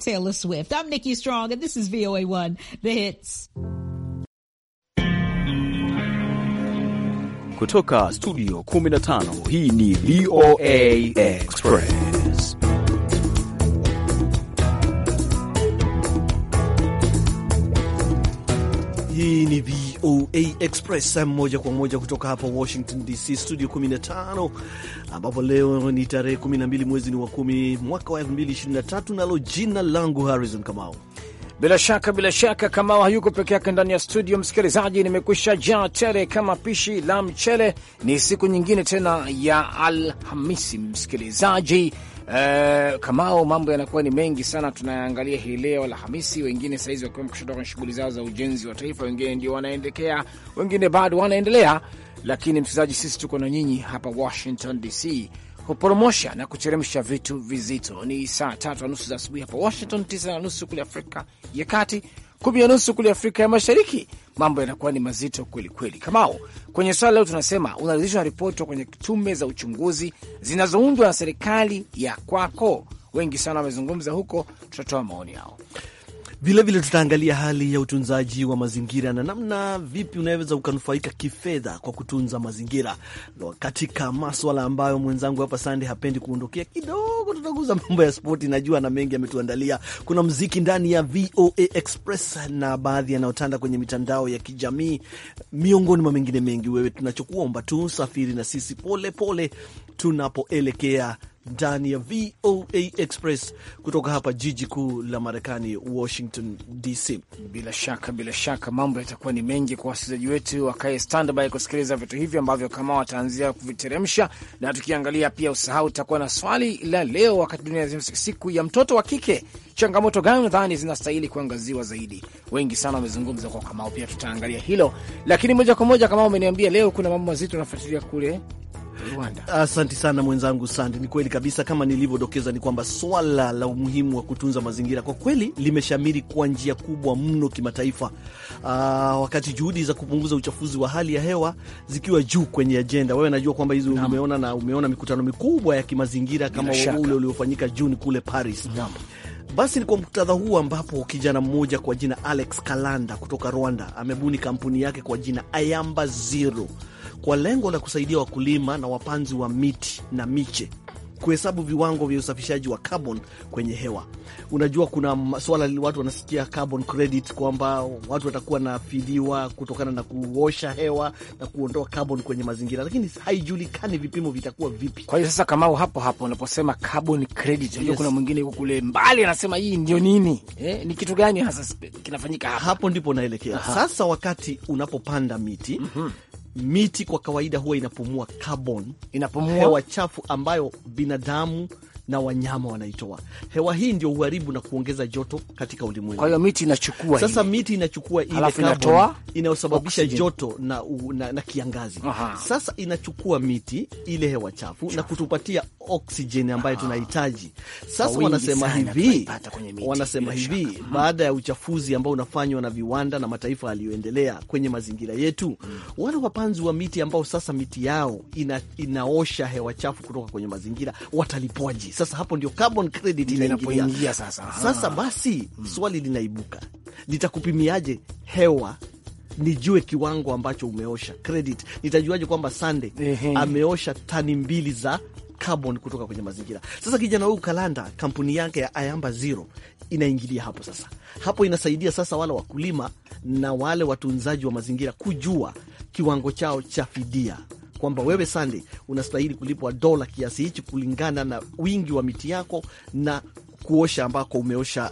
Taylor Swift. I'm Nikki Strong, and this is VOA1, The Hits. Kutoka studio 15, hii ni VOA Express. Hii ni VOA VOA Express moja kwa moja kutoka hapa Washington DC, studio 15, ambapo leo ni tarehe 12 mwezi ni wa 10 mwaka wa 2023, nalo jina langu Harrison Kamau. Bila shaka bila shaka, Kamau hayuko peke yake ndani ya studio. Msikilizaji, nimekwisha jaa tele kama pishi la mchele. Ni siku nyingine tena ya Alhamisi, msikilizaji E, eh, Kamao, mambo yanakuwa ni mengi sana tunayaangalia hii leo Alhamisi, wengine sahizi wakiwa kushotoka kwenye shughuli zao za ujenzi wa taifa, wengine ndio wanaendekea, wengine bado wanaendelea. Lakini msikilizaji, sisi tuko na nyinyi hapa Washington DC kuporomosha na kucheremsha vitu vizito. Ni saa tatu na nusu za asubuhi hapa Washington, tisa na nusu kule Afrika ya Kati, kumi na nusu kule Afrika ya Mashariki mambo yanakuwa ni mazito kweli kweli. Kamao, kwenye swala leo tunasema unaridhishwa na ripoti kwenye tume za uchunguzi zinazoundwa na serikali ya kwako? Wengi sana wamezungumza huko, tutatoa maoni yao. Vilevile tutaangalia hali ya utunzaji wa mazingira na namna vipi unaweza ukanufaika kifedha kwa kutunza mazingira, katika maswala ambayo mwenzangu hapa Sande hapendi kuondokea kidogo. Tutaguza mambo ya spoti, najua na mengi ametuandalia. Kuna mziki ndani ya VOA Express na baadhi yanayotanda kwenye mitandao ya kijamii, miongoni mwa mengine mengi. Wewe tunachokuomba tu safiri na sisi pole pole tunapoelekea ndani ya VOA Express kutoka hapa jiji kuu la Marekani, Washington DC. Bila shaka, bila shaka mambo yatakuwa ni mengi kwa wasikilizaji wetu, wakae standby kusikiliza vitu hivyo ambavyo kama wataanzia kuviteremsha. Na tukiangalia pia usahau, tutakuwa na swali la leo, wakati dunia siku ya mtoto wa kike, changamoto gani nadhani zinastahili kuangaziwa zaidi? Wengi sana wamezungumza kwa Kamao, pia tutaangalia hilo, lakini moja kwa moja, Kamao umeniambia leo kuna mambo mazito nafuatilia kule Rwanda. Asante sana mwenzangu Sandi. Ni kweli kabisa, kama nilivyodokeza ni kwamba swala la umuhimu wa kutunza mazingira kwa kweli limeshamiri kwa njia kubwa mno kimataifa. Uh, wakati juhudi za kupunguza uchafuzi wa hali ya hewa zikiwa juu kwenye ajenda, wewe najua kwamba hizi umeona na umeona mikutano mikubwa ya kimazingira kama ule uliofanyika Juni kule Paris. Naam. Basi ni kwa muktadha huu ambapo kijana mmoja kwa jina Alex Kalanda kutoka Rwanda amebuni kampuni yake kwa jina Ayamba Zero kwa lengo la kusaidia wakulima na wapanzi wa miti na miche kuhesabu viwango vya usafishaji wa carbon kwenye hewa. Unajua, kuna swala watu wanasikia carbon credit, kwamba watu watakuwa nafidiwa kutokana na kuosha hewa na kuondoa carbon kwenye mazingira, lakini haijulikani vipimo vitakuwa vipi. Kwa hiyo sasa, Kamau, hapo hapo unaposema carbon credit, unajua yes, kuna mwingine yuko kule mbali anasema hii ndio nini eh, ni kitu gani hasa kinafanyika hapa? Hapo ndipo naelekea sasa, wakati unapopanda miti mm -hmm miti kwa kawaida huwa inapumua carbon, inapumua hewa chafu ambayo binadamu na wanyama wanaitoa hewa hii, ndio uharibu na kuongeza joto katika ulimwengu. Kwa hiyo miti inachukua sasa hili. Miti inachukua ile kaboni inayosababisha oxygen, joto na, na, na kiangazi. Aha. Sasa inachukua miti ile hewa chafu Chafu. na kutupatia oksijeni ambayo tunahitaji sasa. Wanasema hivi, wanasema hivi baada ya uchafuzi ambao unafanywa na viwanda na mataifa yaliyoendelea kwenye mazingira yetu hmm. wale wapanzi wa miti ambao sasa miti yao ina, inaosha hewa chafu kutoka kwenye mazingira watalipwaje? Sasa hapo ndio carbon credit inapoingia sasa. Sasa ah. basi hmm, swali linaibuka, nitakupimiaje hewa nijue kiwango ambacho umeosha credit? Nitajuaje kwamba Sande ameosha tani mbili za carbon kutoka kwenye mazingira. Sasa kijana huyu Kalanda, kampuni yake ya Ayamba Zero inaingilia hapo sasa. Hapo inasaidia sasa wale wakulima na wale watunzaji wa mazingira kujua kiwango chao cha fidia kwamba wewe Sande unastahili kulipwa dola kiasi hichi kulingana na wingi wa miti yako na kuosha ambako umeosha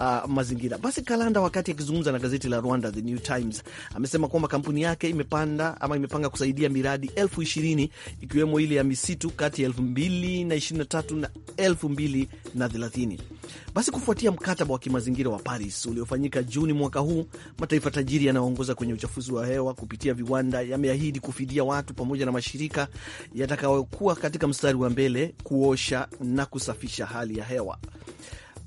uh, uh, mazingira. Basi Kalanda, wakati akizungumza na gazeti la Rwanda The New Times, amesema kwamba kampuni yake imepanda ama imepanga kusaidia miradi elfu ishirini ikiwemo ile ya misitu kati ya elfu mbili na ishirini na tatu na elfu mbili na thelathini. Basi kufuatia mkataba wa kimazingira wa Paris uliofanyika Juni mwaka huu, mataifa tajiri yanayoongoza kwenye uchafuzi wa hewa kupitia viwanda yameahidi kufidia watu pamoja na mashirika yatakayokuwa katika mstari wa mbele kuosha na kusafisha hali ya hewa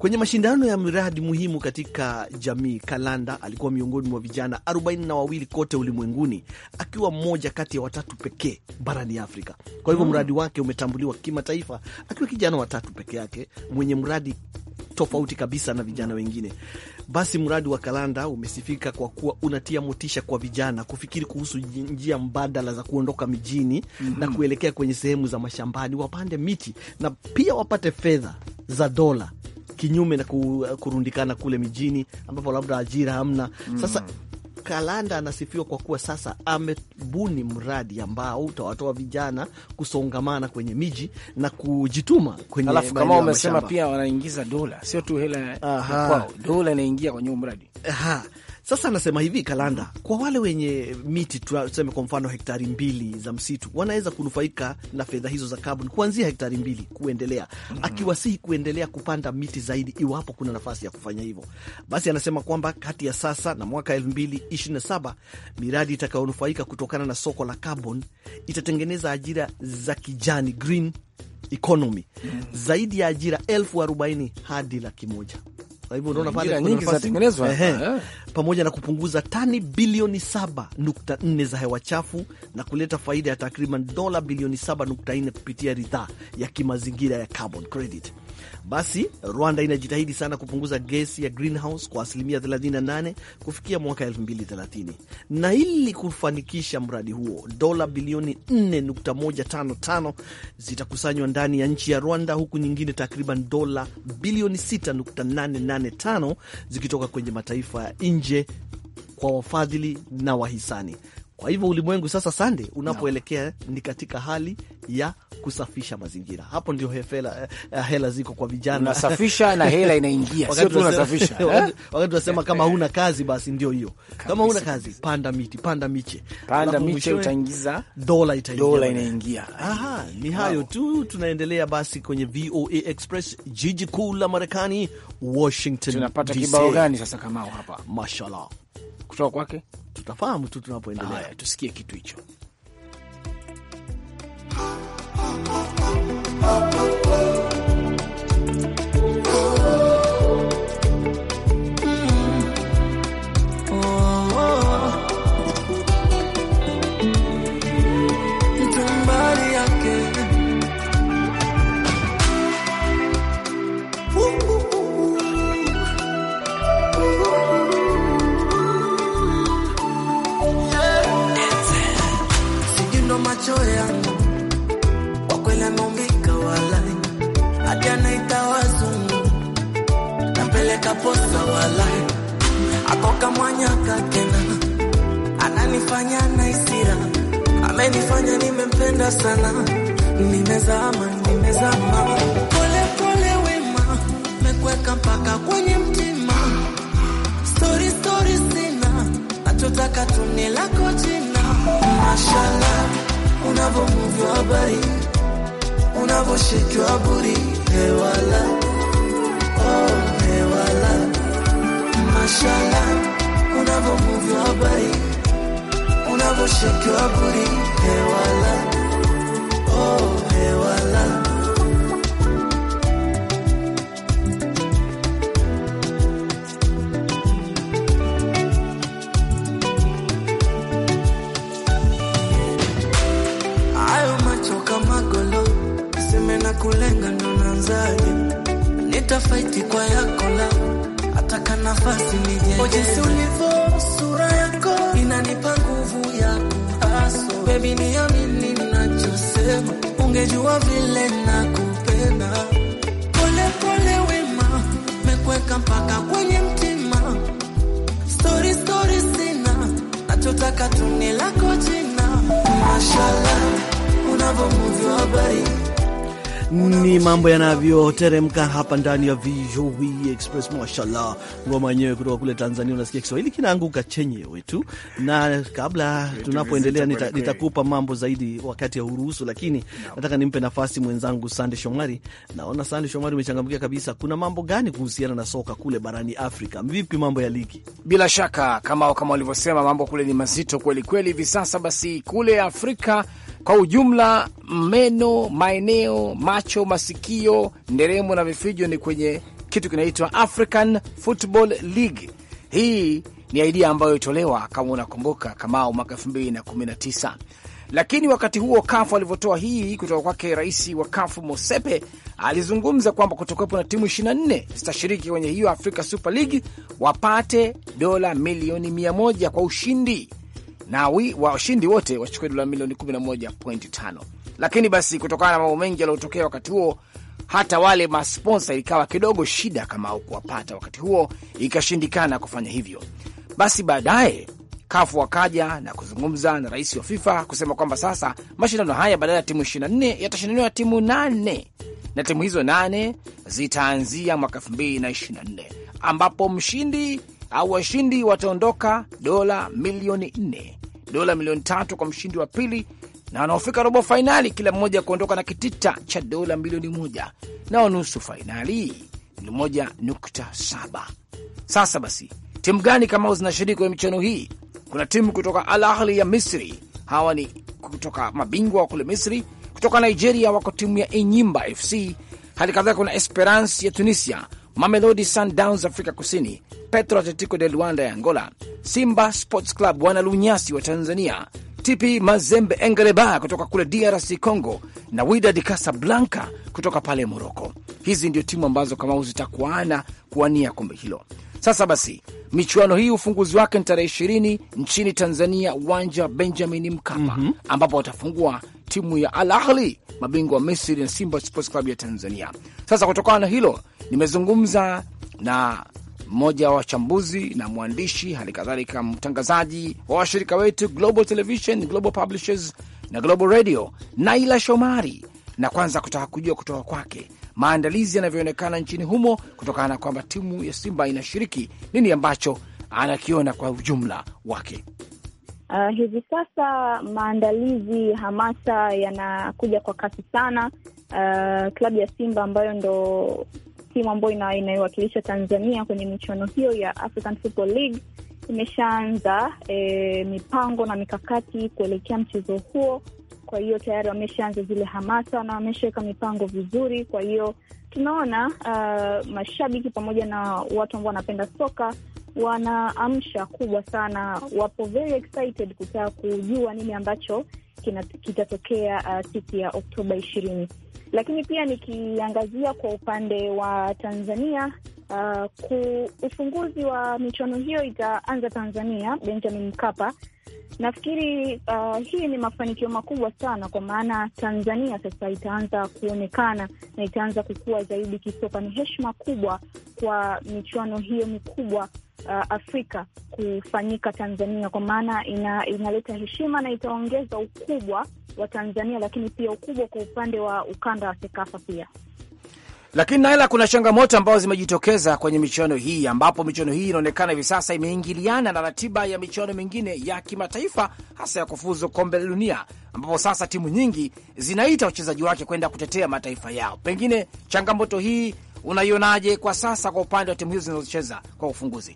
kwenye mashindano ya miradi muhimu katika jamii. Kalanda alikuwa miongoni mwa vijana arobaini na wawili kote ulimwenguni, akiwa mmoja kati ya watatu pekee barani Afrika. Kwa hivyo mm. mradi wake umetambuliwa kimataifa, akiwa kijana watatu peke yake mwenye mradi tofauti kabisa na vijana wengine. Basi mradi wa Kalanda umesifika kwa kuwa unatia motisha kwa vijana kufikiri kuhusu njia mbadala za kuondoka mijini mm -hmm. na kuelekea kwenye sehemu za mashambani, wapande miti na pia wapate fedha za dola kinyume na uh, kurundikana kule mijini ambapo labda ajira hamna. Mm. Sasa Kalanda anasifiwa kwa kuwa sasa amebuni mradi ambao utawatoa vijana kusongamana kwenye miji na kujituma kwenye. Alafu kama umesema pia wanaingiza dola, sio tu hela kwao, dola inaingia kwenye mradi. Aha. Sasa anasema hivi Kalanda, kwa wale wenye miti tuseme kwa mfano hektari mbili za msitu wanaweza kunufaika na fedha hizo za kaboni kuanzia hektari mbili kuendelea, mm-hmm. akiwasihi kuendelea kupanda miti zaidi iwapo kuna nafasi ya kufanya hivyo. Basi anasema kwamba kati ya sasa na mwaka 2027 miradi itakayonufaika kutokana na soko la kaboni itatengeneza ajira za kijani, green economy, mm-hmm. zaidi ya ajira elfu arobaini hadi laki moja kwa hivyo unaona pale nyingi zinatengenezwa pamoja na kupunguza tani bilioni 7.4 za hewa chafu na kuleta faida ya takriban dola bilioni 7.4 kupitia ridhaa ya kimazingira ya carbon credit. Basi Rwanda inajitahidi sana kupunguza gesi ya greenhouse kwa asilimia 38 kufikia mwaka 2030, na ili kufanikisha mradi huo dola bilioni 4.155 zitakusanywa ndani ya nchi ya Rwanda, huku nyingine takriban dola bilioni 6.885 zikitoka kwenye mataifa ya nje kwa wafadhili na wahisani. Kwa hivyo ulimwengu sasa, sande, unapoelekea ni katika hali ya kusafisha mazingira. Hapo ndio hela, eh, hela ziko kwa vijana, unasafisha na hela inaingia, sio tu unasafisha. Wakati eh? tunasema kama huna kazi, basi ndio hiyo. Kama huna kazi, panda miti, panda miche, panda miche, utaingiza dola, itaingia, dola inaingia. Aha, ni hayo tu. Tunaendelea basi kwenye VOA Express, jiji kuu la Marekani, Washington. Tunapata kibao gani sasa? Kamao hapa, mashallah kutoka kwake tutafahamu tu tunapoendelea. tusikie kitu hicho. sana, nimezama, nimezama. Pole pole wema, mekweka mpaka kwenye mtima. Story story sina, nachotaka tuni lako jina. Mashallah, unavomuvyo habari, unavoshikiwa buri, hewala, oh, hewala. Mashallah, unavomuvyo habari, unavoshikiwa buri, hewala wala inayoteremka hapa ndani ya VOA e Express. Mashallah, ngoma yenyewe kutoka kule Tanzania. Unasikia Kiswahili kinaanguka chenyewe tu, na kabla tunapoendelea nita, nitakupa mambo zaidi wakati ya uruhusu, lakini no. nataka nimpe nafasi mwenzangu Sande Shomari. Naona Sande Shomari umechangamkia kabisa. Kuna mambo gani kuhusiana na soka kule barani Afrika? Vipi mambo ya ligi? Bila shaka kama kama walivyosema, mambo kule ni mazito kweli kweli hivi sasa. Basi kule Afrika kwa ujumla, meno, maeneo, macho, masikio, nderemo na vifijo ni kwenye kitu kinaitwa African Football League. Hii ni aidia ambayo itolewa kama unakumbuka, Kamau, mwaka 2019 lakini wakati huo kafu alivyotoa hii kutoka kwake, rais wa kafu Mosepe alizungumza kwamba kutokuwepo na timu 24 zitashiriki kwenye hiyo Africa Super League wapate dola milioni 100 kwa ushindi na washindi wote wachukue dola milioni 11.5. Lakini basi kutokana na mambo mengi yaliyotokea wakati huo, hata wale masponsa ikawa kidogo shida kama au kuwapata wakati huo, ikashindikana kufanya hivyo. Basi baadaye Kafu wakaja na kuzungumza na rais wa FIFA kusema kwamba sasa mashindano haya badala ya timu 24 yatashindaniwa timu nane na timu hizo nane zitaanzia mwaka 2024 ambapo mshindi au washindi wataondoka dola milioni 4 dola milioni tatu kwa mshindi wa pili na wanaofika robo fainali kila mmoja kuondoka na kitita cha dola milioni moja na nusu fainali milioni moja nukta saba. Sasa basi, timu gani kamao zinashiriki kwenye michuano hii? Kuna timu kutoka Al Ahli ya Misri, hawa ni kutoka mabingwa wa kule Misri. Kutoka Nigeria wako timu ya Enyimba FC, hali kadhalika kuna Esperance ya Tunisia Mamelodi Sundowns Afrika Kusini, Petro Atletico de Luanda ya Angola, Simba Sports Club wana Lunyasi wa Tanzania, Tipi Mazembe Engeleba kutoka kule DRC Congo na Widad Casablanca kutoka pale Moroko. Hizi ndio timu ambazo Kamau zitakuana kuwania kombe hilo. Sasa basi, michuano hii ufunguzi wake ni tarehe ishirini nchini Tanzania, uwanja wa Benjamin Mkapa mm -hmm. ambapo watafungua timu ya Al Ahli, mabingwa wa Misri na Simba Sports Club ya Tanzania. Sasa kutokana na hilo, nimezungumza na mmoja wa wachambuzi na mwandishi, hali kadhalika mtangazaji wa washirika wetu Global Television, Global Publishers na Global Radio, Naila Shomari, na kwanza kutaka kujua kutoka kwake maandalizi yanavyoonekana nchini humo kutokana na kwamba timu ya Simba inashiriki, nini ambacho anakiona kwa ujumla wake. Uh, hivi sasa maandalizi hamasa yanakuja kwa kasi sana. Uh, klabu ya Simba ambayo ndo timu ambayo ina, inaiwakilisha Tanzania kwenye michuano hiyo ya African Football League imeshaanza e, mipango na mikakati kuelekea mchezo huo. Kwa hiyo tayari wameshaanza zile hamasa na wameshaweka mipango vizuri. Kwa hiyo tunaona uh, mashabiki pamoja na watu ambao wanapenda soka wana amsha kubwa sana, wapo very excited kutaka kujua nini ambacho kitatokea uh, siku ya Oktoba ishirini. Lakini pia nikiangazia kwa upande wa Tanzania uh, ku, ufunguzi wa michuano hiyo itaanza Tanzania, Benjamin Mkapa. Nafikiri uh, hii ni mafanikio makubwa sana, kwa maana Tanzania sasa itaanza kuonekana na itaanza kukua zaidi kisoka. Ni heshima kubwa kwa michuano hiyo mikubwa uh, Afrika kufanyika Tanzania, kwa maana ina, inaleta heshima na itaongeza ukubwa wa Tanzania, lakini pia ukubwa kwa upande wa ukanda wa SEKAFA pia lakini naela kuna changamoto ambazo zimejitokeza kwenye michuano hii, ambapo michuano hii inaonekana hivi sasa imeingiliana na ratiba ya michuano mingine ya kimataifa, hasa ya kufuzu kombe la dunia, ambapo sasa timu nyingi zinaita wachezaji wake kwenda kutetea mataifa yao. Pengine changamoto hii unaionaje kwa sasa kwa upande wa timu hizo zinazocheza kwa ufunguzi?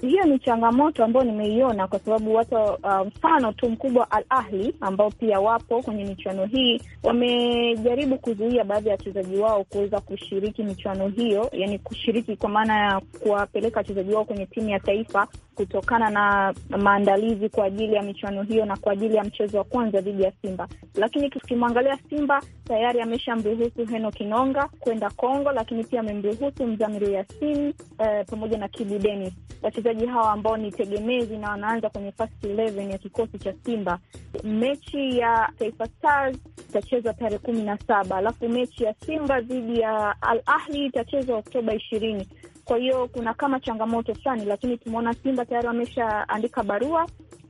Hiyo ni changamoto ambayo nimeiona kwa sababu watu uh, mfano um, tu mkubwa Al Ahli ambao pia wapo kwenye michuano hii wamejaribu kuzuia baadhi ya wachezaji wao kuweza kushiriki michuano hiyo, yani kushiriki kwa maana ya kuwapeleka wachezaji wao kwenye timu ya taifa kutokana na maandalizi kwa ajili ya michuano hiyo na kwa ajili ya mchezo wa kwanza dhidi ya Simba. Lakini tukimwangalia Simba tayari ameshamruhusu Heno Kinonga kwenda Kongo, lakini pia amemruhusu Mzamiri Yasin eh, pamoja na Kibu Denis, wachezaji hawa ambao ni tegemezi na wanaanza kwenye first 11 ya kikosi cha Simba. Mechi ya Taifa Stars itachezwa tarehe kumi na saba alafu mechi ya Simba dhidi ya Al Ahli itachezwa Oktoba ishirini. Kwa hiyo kuna kama changamoto fulani, lakini tumeona Simba tayari wameshaandika barua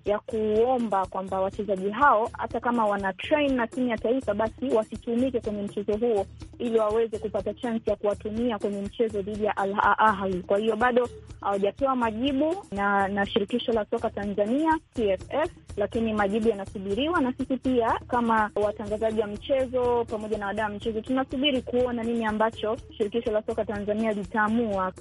ya kuomba kwamba wachezaji hao hata kama wana train na timu ya taifa basi wasitumike kwenye mchezo huo, ili waweze kupata chansi ya kuwatumia kwenye mchezo dhidi ya Al Kwa hiyo bado hawajapewa majibu na na shirikisho la soka Tanzania TFF, lakini majibu yanasubiriwa, na sisi pia kama watangazaji wa mchezo pamoja na wadau wa mchezo tunasubiri kuona nini ambacho shirikisho la soka Tanzania litaamua.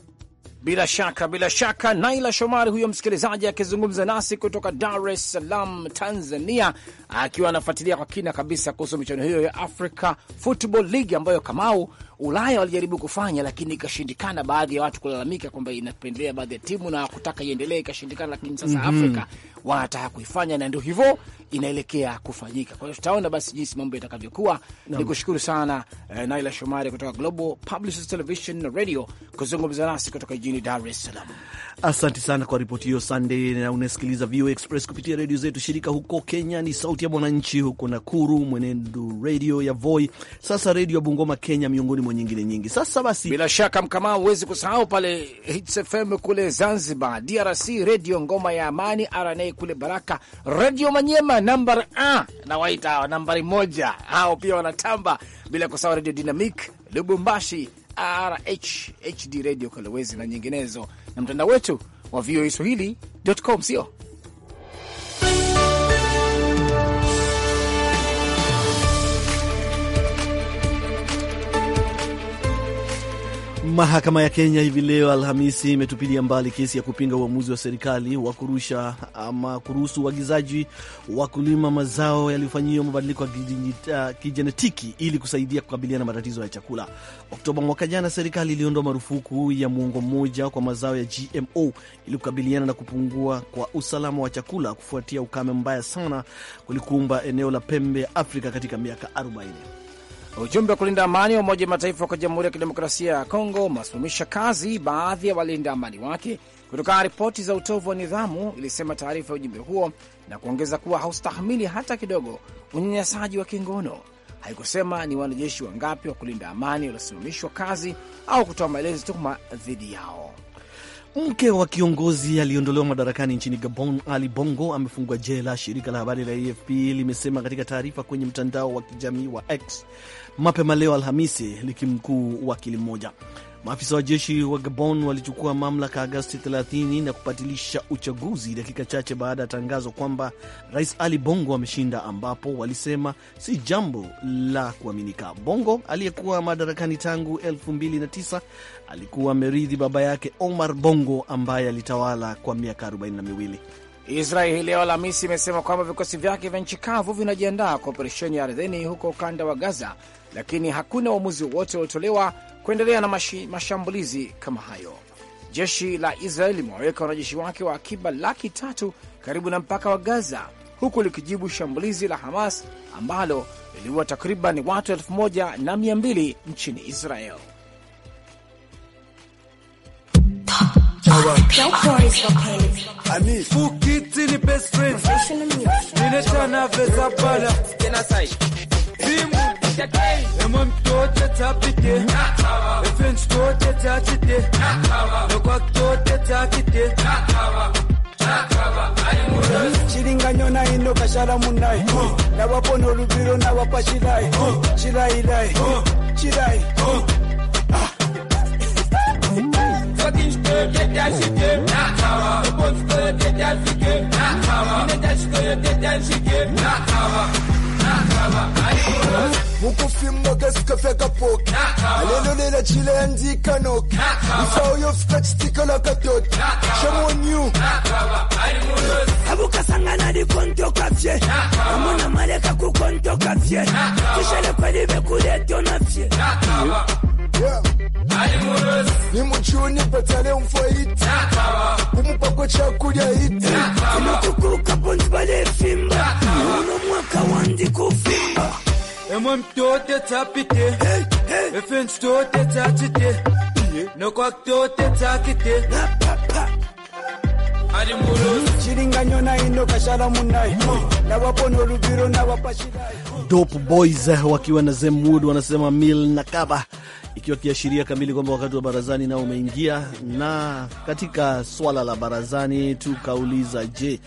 Bila shaka, bila shaka, Naila Shomari huyo msikilizaji akizungumza nasi kutoka Dar es Salaam, Tanzania, akiwa anafuatilia kwa kina kabisa kuhusu michuano hiyo ya Africa Football League ambayo Kamau Ulaya walijaribu kufanya, lakini ikashindikana, baadhi ya watu kulalamika kwamba inapendelea baadhi ya timu na kutaka iendelee, ikashindikana. Lakini sasa mm -hmm. Afrika wanataka kuifanya na ndio hivyo inaelekea kufanyika. Kwa hiyo tutaona basi jinsi mambo yatakavyokuwa. Ni kushukuru sana eh, Naila Shomari kutoka Global Publishers Television na Radio kuzungumza nasi kutoka jijini Dar es Salaam. Asante sana kwa ripoti hiyo Sunday, na unasikiliza VOA Express kupitia redio zetu shirika. Huko Kenya ni Sauti ya Mwananchi, huko Nakuru Mwenendo Radio ya Voi, sasa redio ya Bungoma Kenya, miongoni zikiwemo nyingine nyingi. Sasa basi, bila shaka mkamaa, huwezi kusahau pale Hits FM kule Zanzibar, DRC redio Ngoma ya Amani, RNA kule Baraka, redio Manyema nambari a nawaita hawa nambari moja, hao pia wanatamba, bila kusahau Radio Dynamic Lubumbashi, RH Redio Kolwezi na nyinginezo, na mtandao wetu wa VOA Swahili.com, sio Mahakama ya Kenya hivi leo Alhamisi imetupilia mbali kesi ya kupinga uamuzi wa serikali wa kurusha ama kuruhusu uagizaji wa kulima mazao yaliyofanyiwa mabadiliko ya uh, kijenetiki ili kusaidia kukabiliana na matatizo ya chakula. Oktoba mwaka jana, serikali iliondoa marufuku ya muongo mmoja kwa mazao ya GMO ili kukabiliana na kupungua kwa usalama wa chakula kufuatia ukame mbaya sana kulikumba eneo la pembe ya Afrika katika miaka 40. Ujumbe wa kulinda amani wa Umoja wa Mataifa kwa Jamhuri ya Kidemokrasia ya Kongo umewasimamisha kazi baadhi ya walinda amani wake kutokana na ripoti za utovu wa nidhamu, ilisema taarifa ya ujumbe huo, na kuongeza kuwa haustahimili hata kidogo unyanyasaji wa kingono. Haikusema ni wanajeshi wangapi wa kulinda amani waliosimamishwa kazi au kutoa maelezo tuhuma dhidi yao. Mke wa kiongozi aliyeondolewa madarakani nchini Gabon, Ali Bongo, amefungwa jela, shirika la habari la AFP limesema katika taarifa kwenye mtandao wa kijamii wa X mapema leo Alhamisi likimkuu wakili mmoja. Maafisa wa jeshi wa Gabon walichukua mamlaka Agosti 30 na kupatilisha uchaguzi dakika chache baada ya tangazo kwamba Rais Ali Bongo ameshinda, ambapo walisema si jambo la kuaminika. Bongo aliyekuwa madarakani tangu 2009 alikuwa ameridhi baba yake Omar Bongo ambaye alitawala kwa miaka 42. Israel hii leo Alhamisi imesema kwamba vikosi vyake vya nchi kavu vinajiandaa kwa operesheni ya ardhini huko ukanda wa Gaza, lakini hakuna uamuzi wowote uliotolewa kuendelea na mashi, mashambulizi kama hayo. Jeshi la Israel limewaweka wanajeshi wake wa akiba laki tatu karibu na mpaka wa Gaza, huku likijibu shambulizi la Hamas ambalo liliua takriban watu elfu moja na mia mbili nchini Israel. Ami Fukiti ni best friend. Nineta na veza bala. Tena sai. Simu Ema mtoto tapite. Efe mtoto tatite. Nokwa mtoto tatite. chiringanyo naino kashara munayi nabapona oluviro nabapa shilayi shilayilayi shilayi mukufi mnoga sikafe kapoki alelo lela chile yandika noki isawu yofika chitika la katoti shamonyu abukasangana likontoka vye amona maleka kukontoka vye kishalekwelive kuletona vye nimpatale umfaiti kumupakwa chakurya hiti unotukuruka bonzi balefimba uno mwaka wandi kufimba emwe mtote tsapite efenstote tsatsite nokwakutote tsakite Dope Boys eh, wakiwa na Zemwood wanasema mil na kaba, ikiwa kiashiria kamili kwamba wakati wa barazani nao umeingia. Na katika swala la barazani tukauliza, je,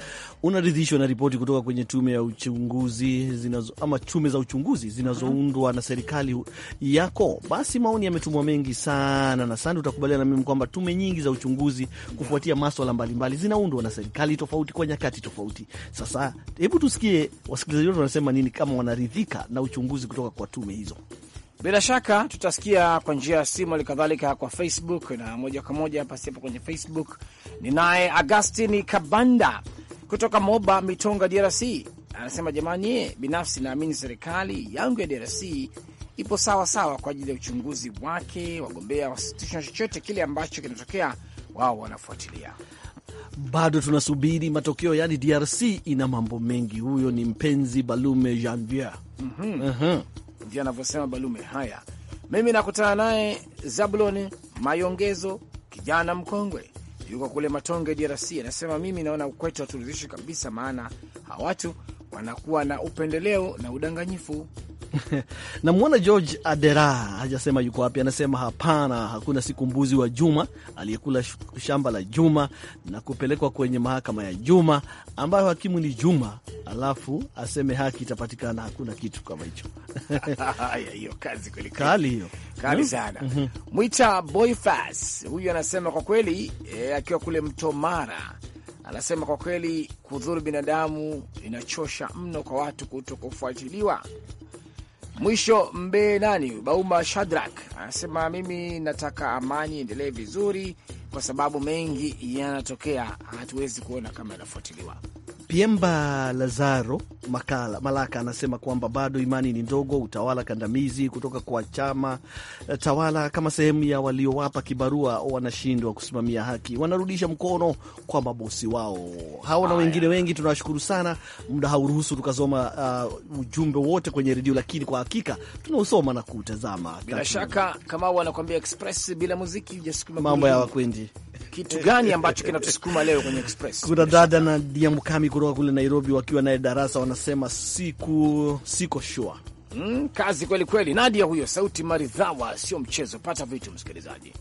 unaridhishwa na ripoti kutoka kwenye tume ya uchunguzi zinazo, ama tume za uchunguzi zinazoundwa na serikali yako? Basi maoni yametumwa mengi sana, na Sande, utakubaliana na mimi kwamba tume nyingi za uchunguzi kufuatia maswala mbalimbali zinaundwa na serikali tofauti kwa nyakati tofauti. Sasa hebu tusikie wasikilizaji wetu wanasema nini, kama wanaridhika na uchunguzi kutoka kwa tume hizo. Bila shaka tutasikia kwa njia ya simu, hali kadhalika kwa Facebook na moja kwa moja pasipo kwenye Facebook. ninaye agastini Agustini Kabanda kutoka Moba Mitonga, DRC anasema jamani, binafsi naamini serikali yangu ya DRC ipo sawa sawa kwa ajili ya uchunguzi wake. Wagombea wasitishwa chochote kile ambacho kinatokea, wao wanafuatilia. Bado tunasubiri matokeo, yaani DRC ina mambo mengi. Huyo ni mpenzi Balume Janvier, mm -hmm. uh -huh. ndio anavyosema Balume. Haya, mimi nakutana naye Zabuloni Mayongezo, kijana mkongwe yuko kule Matonge, DRC, anasema mimi naona kwetu haturidhishi kabisa, maana watu wanakuwa na upendeleo na udanganyifu. Namwona George Adera hajasema yuko wapi, anasema hapana, hakuna siku mbuzi wa Juma aliyekula shamba la Juma na kupelekwa kwenye mahakama ya Juma ambayo hakimu ni Juma, alafu aseme haki itapatikana. Hakuna kitu kama hicho. Hiyo kazi kweli kali, hiyo kali hmm? sana. mm -hmm. Mwita Boyfas huyu anasema kwa kweli e, akiwa kule mto mara anasema kwa kweli kudhuru binadamu inachosha mno kwa watu kuto kufuatiliwa Mwisho nani Bauma Shadrak anasema mimi nataka amani iendelee vizuri, kwa sababu mengi yanatokea, hatuwezi kuona kama yanafuatiliwa. Piemba Lazaro Makala, Malaka anasema kwamba bado imani ni ndogo, utawala kandamizi kutoka kwa chama eh, tawala kama sehemu ya waliowapa kibarua wanashindwa kusimamia haki, wanarudisha mkono kwa mabosi wao hawa na wengine wengi. Tunawashukuru sana, muda hauruhusu tukasoma uh, ujumbe wote kwenye redio, lakini kwa hakika tunausoma na kuutazama bila shaka. Kama wanakuambia express bila muziki mambo ya wakwendi kitu gani ambacho kinatusukuma leo kwenye Express? Kuna dada na Diamukami kutoka kule Nairobi wakiwa naye darasa wanasema siku siko sure. Mm, kazi kweli kweli. Nadia huyo, sauti maridhawa, sio mchezo. Pata vitu msikilizaji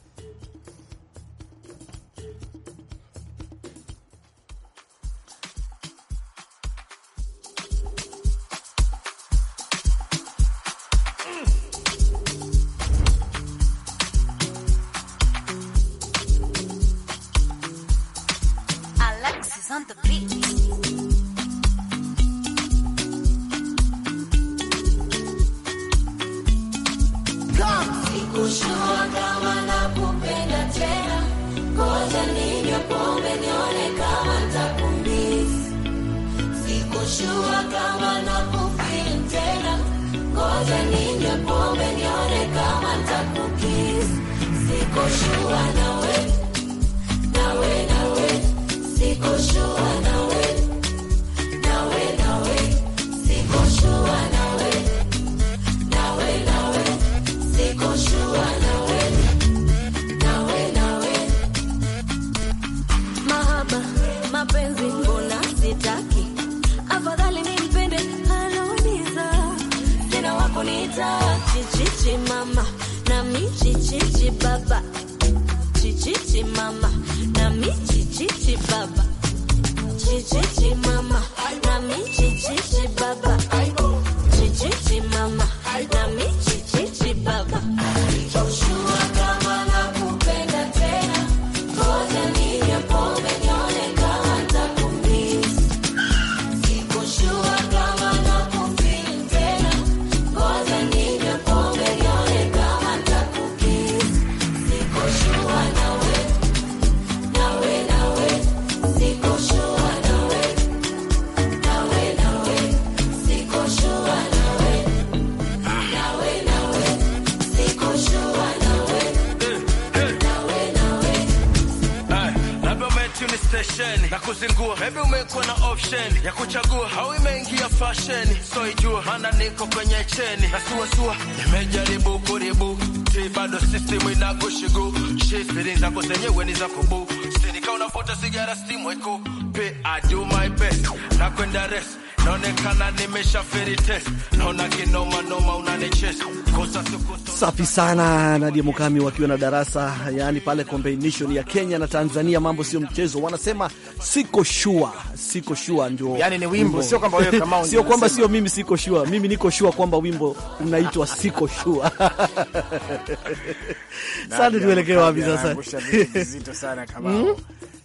baba, chichichi mama nami chichichi baba chichichi mama nami chichichi chichichi ya kuzingua, maybe umekuwa na option ya kuchagua au imeingia fashion, so ijua mana niko kwenye cheni na nimejaribu kuribu ti bado system inakushigu shifiri zako zenyewe ni za kubu sinika unavuta sigara stimu iku pe I do my best na kwenda rest naonekana nimeshaferi test naona kinoma noma unanichesa Safi sana Nadia Mukami wakiwa na darasa, yaani pale combination ya Kenya na Tanzania, mambo sio mchezo. Wanasema siko shua, siko shua ndio, yani ni wimbo, sio kwamba wewe kama sio kwamba sio mimi siko shua, mimi niko shua kwamba wimbo unaitwa siko shua. Sasa tuelekee wapi sasa? Mzito sana kama hmm?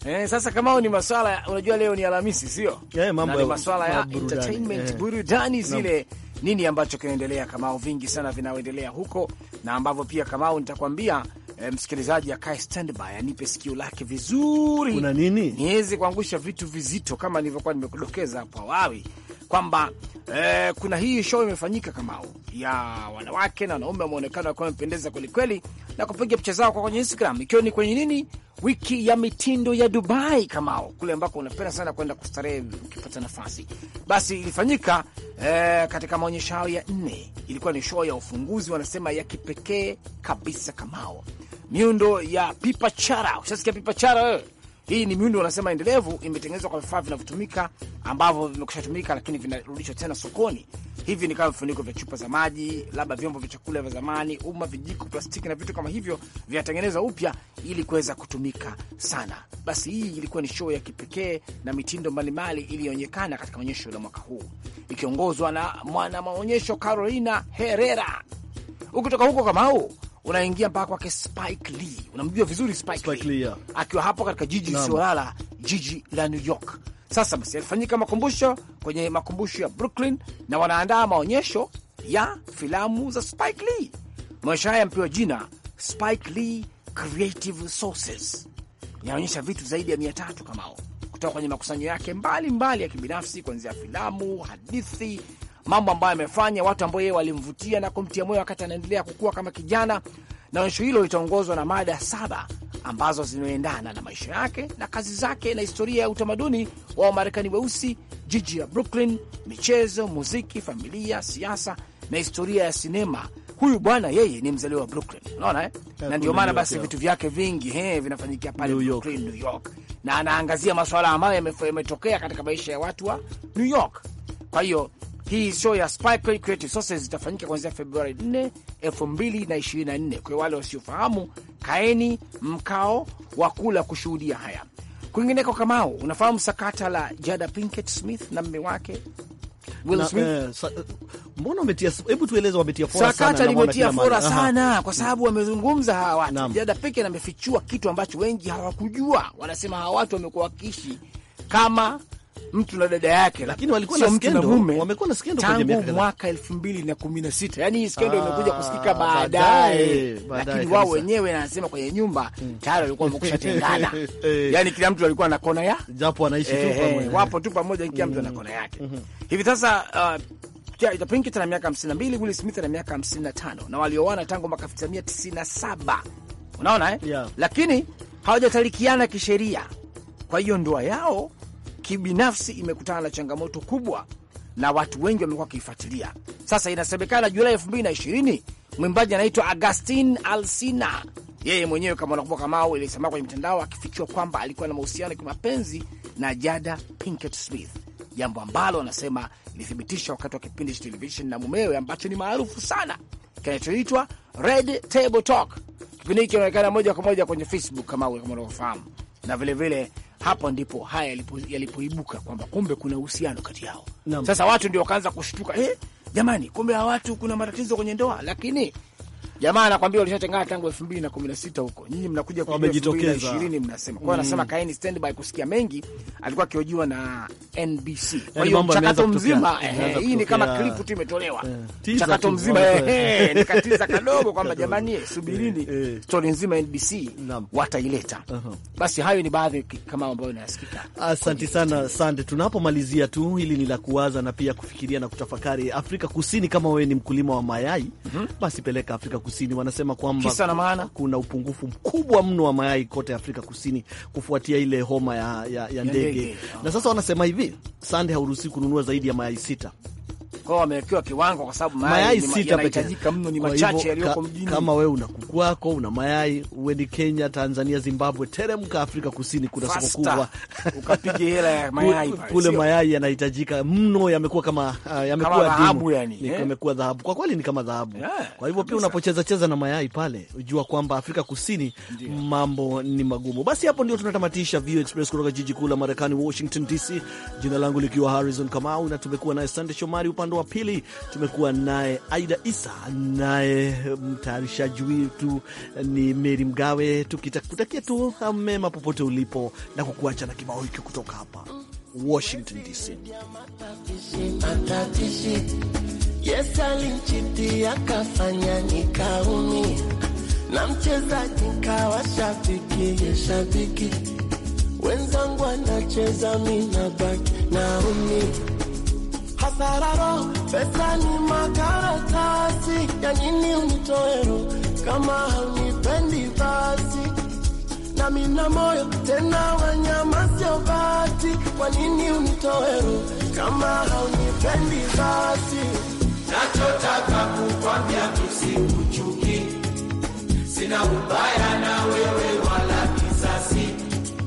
Eh, sasa kama ni masuala, unajua, leo ni Alhamisi sio? Yeah, mambo ya maswala ya entertainment, eh. burudani zile no nini ambacho kinaendelea Kamao, vingi sana vinaoendelea huko na ambavyo pia Kamao nitakwambia e, msikilizaji akae standby, anipe sikio lake vizuri, kuna nini niweze kuangusha vitu vizito kama nilivyokuwa nimekudokeza hapo awali kwamba eh, kuna hii show imefanyika kamao ya wanawake na wanaume wameonekana wakiwa wamependeza kwelikweli na kupiga picha zao kwa kwenye Instagram, ikiwa ni kwenye nini, wiki ya mitindo ya Dubai kamao, kule ambako unapenda sana kwenda kustarehe ukipata nafasi. Basi ilifanyika eh, katika maonyesho hayo ya nne. Ilikuwa ni show ya ufunguzi, wanasema ya kipekee kabisa kamao, miundo ya Pipa Chara. Ushasikia Pipa Chara wewe eh? Hii ni miundo wanasema endelevu, imetengenezwa kwa vifaa vinavyotumika ambavyo vimekushatumika, lakini vinarudishwa tena sokoni. Hivi ni kama vifuniko vya chupa za maji, labda vyombo vya chakula vya zamani, umma vijiko, plastiki na vitu kama hivyo, vinatengenezwa upya ili kuweza kutumika sana. Basi hii ilikuwa ni show ya kipekee na mitindo mbalimbali iliyoonyekana katika onyesho la mwaka huu, ikiongozwa na mwana maonyesho Carolina Herrera. Ukitoka huko Kamau, unaingia mpaka kwake Spike Lee. Unamjua vizuri Spike, Spike Lee, yeah. akiwa hapo katika jiji lisiolala, jiji la New York. Sasa basi alifanyika makumbusho kwenye makumbusho ya Brooklyn, na wanaandaa maonyesho ya filamu za Spike Lee. Maonyesho haya yampewa jina Spike Lee Creative Sources, yanaonyesha vitu zaidi ya mia tatu kamao kutoka kwenye makusanyo yake mbalimbali mbali ya kibinafsi, kuanzia filamu, hadithi, mambo ambayo amefanya, watu ambao yeye walimvutia na kumtia moyo wakati anaendelea kukua kama kijana. Na onyesho hilo litaongozwa na mada saba ambazo zimeendana na maisha yake na kazi zake na historia ya utamaduni wa Wamarekani weusi, jiji la Brooklyn, michezo, muziki, familia, siasa na historia ya sinema. Huyu bwana yeye ni mzaliwa wa Brooklyn, unaona eh? eh na ndio maana basi vitu vyake vingi he, vinafanyikia pale Brooklyn, New York, na anaangazia masuala ambayo yametokea katika maisha ya watu wa New York. Kwa hiyo hii show ya Spy Creative Sources itafanyika kuanzia Februari 4, 2024. Kwa wale wasiofahamu, kaeni mkao wa kula kushuhudia haya. Kwingineko, Kamau, unafahamu sakata la Jada Pinkett Smith na mme wake Will Smith. eh, sa, eh, mbona hebu tueleze wametia fora sana. Sakata limetia fora sana kwa sababu mm. wamezungumza hawa watu. Jada Pinkett amefichua kitu ambacho wengi hawakujua. Wanasema hawa watu wamekuwa wakiishi kama mtu na dada yake, lakini walikuwa na skendo wamekuwa na skendo kwenye miaka mwaka 2016. Yani hii skendo ah, imekuja kusikika baadaye, lakini wao wenyewe anasema kwenye nyumba hmm. tayari walikuwa wamekusha tengana. Eh. Yani kila mtu alikuwa na kona ya japo anaishi tu eh, pamoja, wapo tu pamoja, kila mtu ana hmm. kona yake. Hmm. Hivi sasa Jada uh, Pinkett ana miaka 52, Will Smith ana miaka 55 na walioana tangu mwaka 1997. Unaona eh? Yeah. Lakini hawajatalikiana kisheria. Kwa hiyo ndoa yao kibinafsi imekutana na changamoto kubwa na watu wengi wamekuwa wakiifuatilia. Sasa inasemekana Julai elfu mbili na ishirini mwimbaji anaitwa Agustin Alsina, yeye mwenyewe kama unakumbuka, Kamau, kwenye mtandao akifichua kwamba alikuwa na mahusiano ya kimapenzi na Jada Pinkett Smith, jambo ambalo anasema ilithibitisha wakati wa kipindi cha televisheni na mumewe ambacho ni maarufu sana kinachoitwa Red Table Talk. Kipindi hiki kinaonekana moja kwa moja kwenye Facebook, kama unavyofahamu na vilevile vile, hapo ndipo haya yalipoibuka kwamba kumbe kuna uhusiano kati yao. Sasa watu ndio wakaanza kushtuka eh, jamani, kumbe hawa watu kuna matatizo kwenye ndoa, lakini jamaa anakwambia ulishatengana tangu elfu mbili na kumi na sita huko, nyinyi mnakuja kwa elfu mbili na ishirini mnasema kwao. Anasema mm. kaeni standby kusikia mengi. Alikuwa akiojiwa na NBC, kwa yaani hiyo mchakato mzima hii ni kama klipu tu imetolewa, eh. mchakato mzima nikatiza kadogo kwamba jamani, eh, subirini eh, stori nzima NBC wataileta. Uh-huh. Basi hayo ni baadhi kama ambayo inasikika. Asante sana Sande, tunapomalizia tu hili ni la kuwaza na pia kufikiria na kutafakari. Afrika Kusini, kama wewe ni mkulima wa mayai, mhm. basi peleka Afrika Kusini wanasema kwamba kuna upungufu mkubwa mno wa mayai kote Afrika Kusini kufuatia ile homa ya, ya, ya ndege na sasa wanasema hivi, sande hauruhusi kununua zaidi ya mayai sita kwao wamewekewa kiwango, kwa sababu mayai sita pekee yanahitajika mno, ni machache yaliyoko mjini. Kama wewe una kuku wako una mayai, uende Kenya, Tanzania, Zimbabwe, teremka Afrika Kusini, kuna soko kubwa ukapige hela ya mayai kule. Mayai yanahitajika mno, yamekuwa kama ah, yamekuwa dhahabu, yani eh? yamekuwa dhahabu kwa kweli, ni kama dhahabu. Kwa hivyo pia unapocheza cheza na mayai pale, ujua kwamba Afrika Kusini mambo ni magumu. Basi hapo ndio tunatamatisha View Express kutoka jiji kuu la Marekani Washington DC, jina langu likiwa Harrison Kamau na tumekuwa naye Sande Shomari upande upande wa pili tumekuwa naye Aida Isa, naye mtayarishaji wetu ni Meri Mgawe, tukitakutakia tu mema popote ulipo na kukuacha na kibao hiki kutoka hapa Washington DC. Yes, alinchitia kafanya na mchezaji nkawa shabiki shabiki, wenzangu anacheza, mi nabaki hasararo, pesa ni makaratasi ya nini unitoero, kama haunipendi basi na mina moyo tena, wanyama sio bati, kwa nini unitoero, kama haunipendi basi. Nachotaka kukwambia, tusikuchuki, sina ubaya na wewe wala